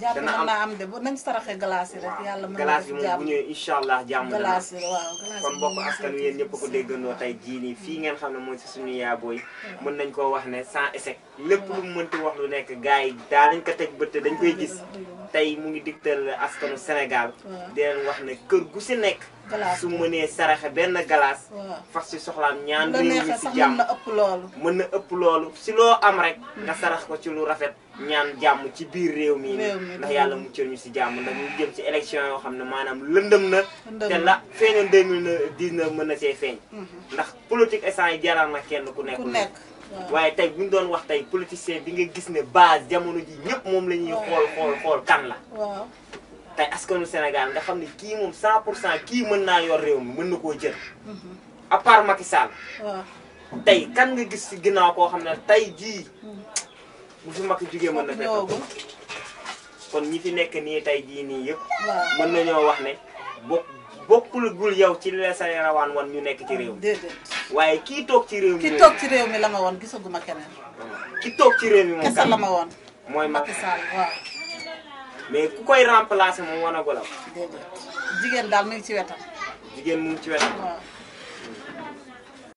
waaw jàpp na am de bu nañ saraxe glace yi rek yàlla mën na yi moom bu ñëwee incha allah jàmm na glace yi waaw kon bokk askan wi yéen ñëpp ko déggandoo tey jii nii fii ngeen xam ne mooy si suñu yaabooy mën nañ koo wax ne san échec lépp lu mu mënti wax lu nekk gars yi daa nañ ko teg bët dañ koy gis tey mu ngi digtal askanu Sénégal. di leen wax ne kër gu si nekk. su mënee saraxe benn glace. fax si soxlaam ñaan réew mi si jàmm mën na ëpp loolu. si loo am rek. Hmm. nga sarax ko ci lu rafet. ñaan jàmm ci biir réew mi. ndax yàlla muccal ñu si jàmm ndax ñu jëm ci élection yoo xam ne maanaam lëndëm na. te la feeñoon 2019 mën na see feeñ. Hmm. ndax politique instant yi jaral na kenn ku nekk. waaye tey bu doon wax tey politicien bi nga gis ne base jamono ji ñëpp moom lañuy ñuy xool xool xool kan la. waaw tey askanu Sénégal nga xam ne kii moom 100 pour cent kii mën naa yor réew mi mën na koo jël. Mm-hmm. à part Macky kan nga gis ci ginnaaw koo xam ne tey jii. Mm. bu fi Macky jugee mën na fekk. kon ñi fi nekk nii tey jii nii yëpp. mën nañoo wax ne bokk. bokkul gul yow ci li la sa rawaan wan ñu nekk ci réew mi. déedéet waaye kii toog ci réew mi. ki toog ci réew mi la ma woon gisaguma keneen. ki toog ci réew mi moom kese la ma woon. mooy Macky Sall waaw. mais ku koy remplacer moom wan a golaw. déedéet jigéen daal mu ci ci wetam. jigéen mu ngi ci wetam. waaw.